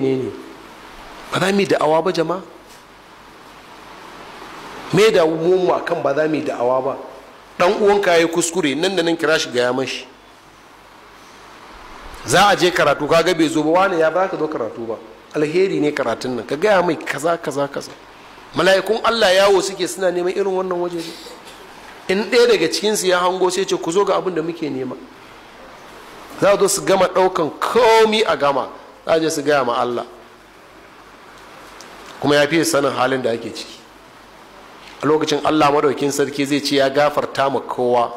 ne ba za mu yi da'awa ba jama'a me da mu a kan ba za mu yi da'awa ba dan uwanka ya yi kuskure nan da nan kira shi gaya mashi za a je karatu kaga bai zo ba wani ya ba ka zo karatu ba alheri ne karatun nan ka gaya mai kaza kaza kaza mala'ikun allah yawo suke suna neman irin wannan waje in ɗaya daga cikinsu ya hango sai ce ku zo ga abin da muke nema za a zo su gama ɗaukan komi a gama za je su gaya ma Allah kuma ya fiye sanin halin da ake ciki a lokacin Allah madaukin sarki zai ce ya gafarta ma kowa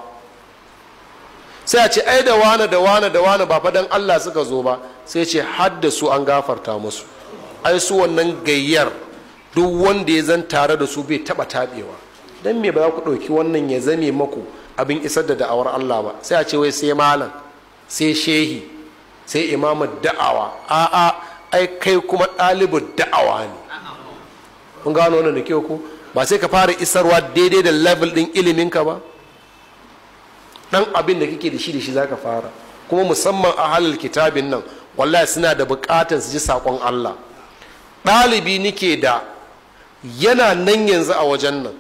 sai a ce ai da wane da wane da wane ba fadan Allah suka zo ba sai ce hadda su an gafarta musu ai su wannan gayyar duk wanda ya zan tare da su bai taba tabewa dan me ba za ku ɗauki wannan ya zame maku abin isar da da'awar Allah ba sai a ce wai sai malam sai shehi sai imamu da'awa a'a ai kai kuma ɗalibin da'awa ne kun gano wannan da kyau ku ba sai ka fara isarwa daidai da level ɗin ka ba ɗan abin da kake da shi da shi za ka fara kuma musamman a halal kitabin nan wallahi suna da buƙatar su ji saƙon allah ɗalibi nike da yana nan yanzu a wajen nan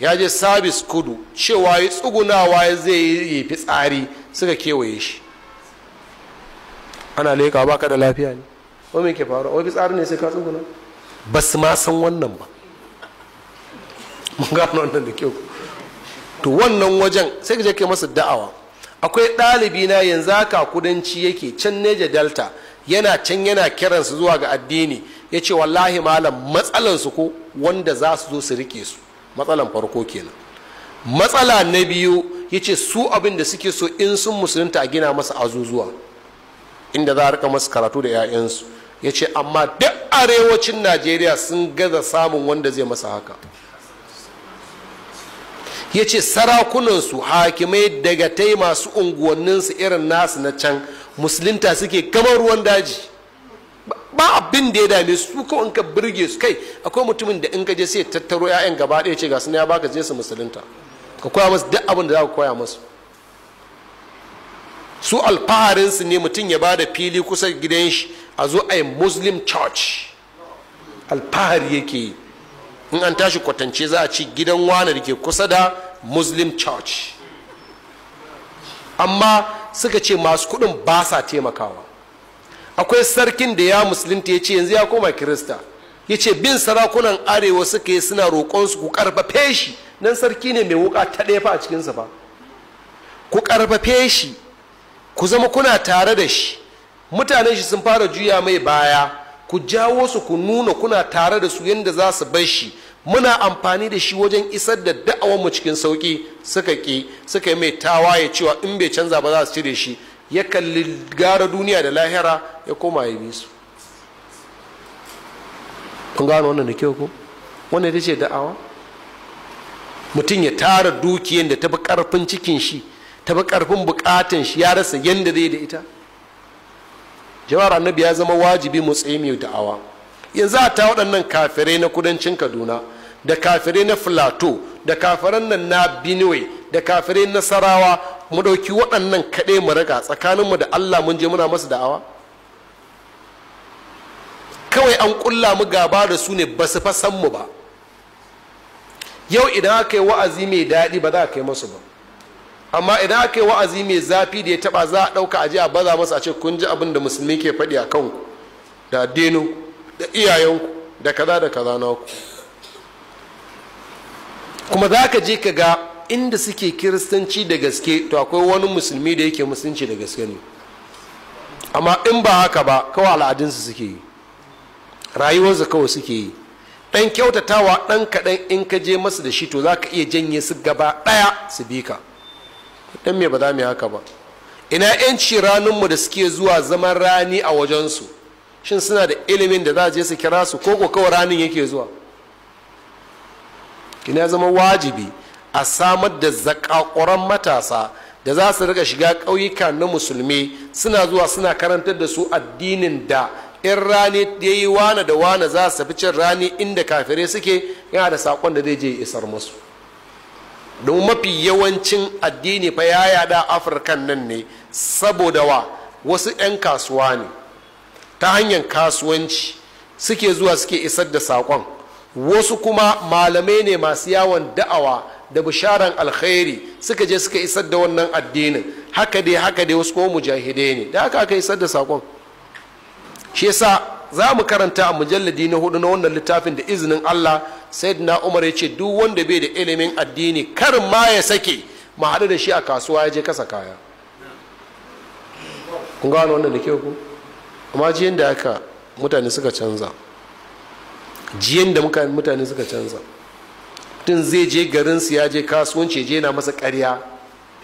ya je sabis kudu cewa ya tsugunawa zai yi fitsari suka kewaye shi ana leka baka da lafiya ne ko me ke faru wafi fitsari ne sai ka tsuguna ba su ma san wannan ba mun gano wannan da kyau to wannan wajen sai ka je kai masa da'awa akwai ɗalibi na yanzu haka kudanci yake can neja delta yana can yana su zuwa ga addini ya ce wallahi malam su ko wanda za su zo su rike su matsalan farko kenan matsala na biyu ya ce su abin da suke so in sun musulunta a gina masa azuzuwa inda za a rika masu karatu da 'ya'yansu ya ce amma duk arewacin najeriya sun gaza samun wanda zai masa haka ya ce sarakunansu hakimai daga tai masu unguwanninsu irin nasu na can musulunta suke kamar ruwan daji ba abin da ya dame su ko in ka birge su kai akwai mutumin da in ka je sai tattaro 'ya'yan gaba ɗaya ce ga ya baka je su musulunta ka koya masu duk abin da za ka koya masu su alfaharinsu ne mutum ya ba da fili kusa gidan shi a zo a yi muslim church alfahari yake yi in an tashi kwatance za a ci gidan wani da ke kusa da muslim church amma suka ce masu kudin ba sa taimakawa akwai sarkin da ya musulunta ya ce yanzu ya koma kirista ya ce bin sarakunan arewa suka yi suna roƙonsu ku karfafe shi nan sarki ne mai wuka ta ɗaya fa a cikinsa ba ku karfafe shi ku zama kuna tare da shi mutanen shi sun fara juya mai baya ku jawo su ku nuna kuna tare da su yadda za su bar shi muna amfani da shi wajen isar da da'awar mu cikin sauki suka ki suka yi mai tawaye cewa in bai canza ba za su cire shi ya kalli gara duniya da lahira ya koma ya bi su kun gano wannan da kyau ko wannan ita ce da'awa mutum ya tara dukiyar da ta fi karfin cikin shi ta bi karfin bukatan shi ya rasa yadda zai da ita jama'ar annabi ya zama wajibi mu tsaye da da'awa yanzu a ta waɗannan kafirai na kudancin kaduna da kafirai na filato da kafiran nan na benue da kafirai na sarawa mu ɗauki waɗannan kaɗai mu raga tsakaninmu da allah mun je muna masu da'awa kawai an ƙulla mu gaba da su ne ba su fa san mu ba yau idan aka yi wa'azi mai daɗi ba za a kai masu ba amma idan aka yi wa'azi mai zafi da ya taba za a ɗauka aji a baza masa a ce kun ji abin da musulmi ke faɗi a ku da addinu da iyayenku da kaza da kaza na ku. kuma za ka je ka ga inda suke kiristanci da gaske to akwai wani musulmi da yake musulunci da gaske ne amma in ba haka ba kawai al'adunsu suke yi rayuwarsu kawai suke yi ɗan kyautatawa ɗan kaɗan in ka je masu da shi to za ka iya janye su gaba ɗaya su bi ka don me ba za mu yi haka ba ina 'yanci ranunmu da suke zuwa zaman rani a wajensu shin suna da ilimin da za a je su kira su ko kawai ranin yake zuwa kina zama wajibi a samar da zakakuran matasa da za su rika shiga ƙauyuka na musulmi suna zuwa suna karantar da su addinin da in rani ya yi wane da wane za su fi cin rani inda kafirai suke yana da saƙon da zai je isar musu don mafi yawancin addini fa ya yada afirkan nan ne saboda wa wasu 'yan kasuwa ne ta hanyar kasuwanci suke zuwa suke isar da sakon wasu kuma malamai ne masu yawon da'awa da bisharan alkhairi suka je suka isar da wannan addinin haka dai haka dai wasu kuma mujahidai ne da haka aka isar da sakon shi yasa za mu karanta a mujalladi na hudu na wannan littafin da izinin allah sayyidina umar ya ce duk wanda bai da ilimin addini kar ma ya sake ma haɗu da shi a kasuwa ya je kasa kaya kun gano wannan da ku amma jiyan da aka mutane suka canza jiyan da mutane suka canza tun zai je garinsu ya je kasuwanci je na masa karya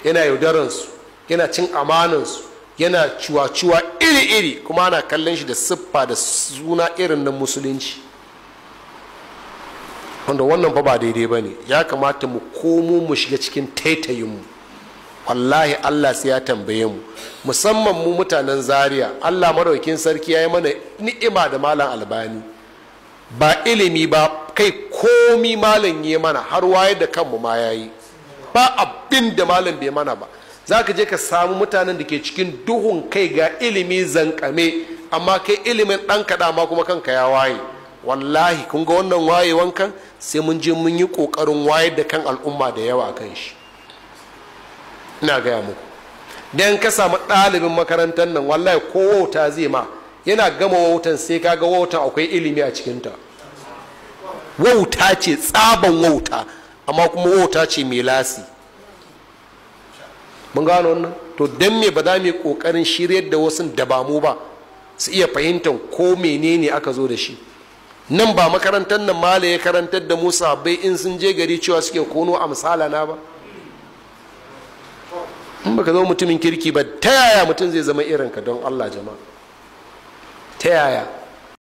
yana yaudaransu yana cin amanansu yana ciwa-ciwa iri-iri kuma ana kallon shi da siffa da suna irin na musulunci wanda wannan fa ba daidai ba ne ya kamata mu komo mu shiga cikin taitayinmu wallahi allah sai ya tambaye mu musamman mu mutanen zaria allah maraukin sarki ya yi mana ni'ima da malam albani ba ilimi ba kai komi malam yi mana har waye da kanmu ma ya yi ba abin da malam bai mana ba za ka je ka samu mutanen da ke cikin duhun kai ga ilimi zankame amma kai ilimin ɗan kaɗa ma kuma kanka ya waye wallahi kun ga wannan wayewan kan sai mun je mun yi ƙoƙarin wayar da kan al'umma da yawa kan shi ina gaya muku don ka samu ɗalibin makarantar nan wallahi ko wauta zai ma yana gama wautan sai ka ga wautan akwai ilimi a cikinta wauta ce tsaban wauta amma kuma wauta ce mai lasi mun gano wannan to don me ba za mu yi ƙoƙarin shiryar da wasu da ba mu ba su iya fahimtar ko menene aka zo da shi nan ba makarantar nan mala ya karantar da musa bai in sun je gari cewa suke kono a misala na ba in baka zama mutumin kirki ba ta yaya mutum zai zama irinka don allah jama'a ta yaya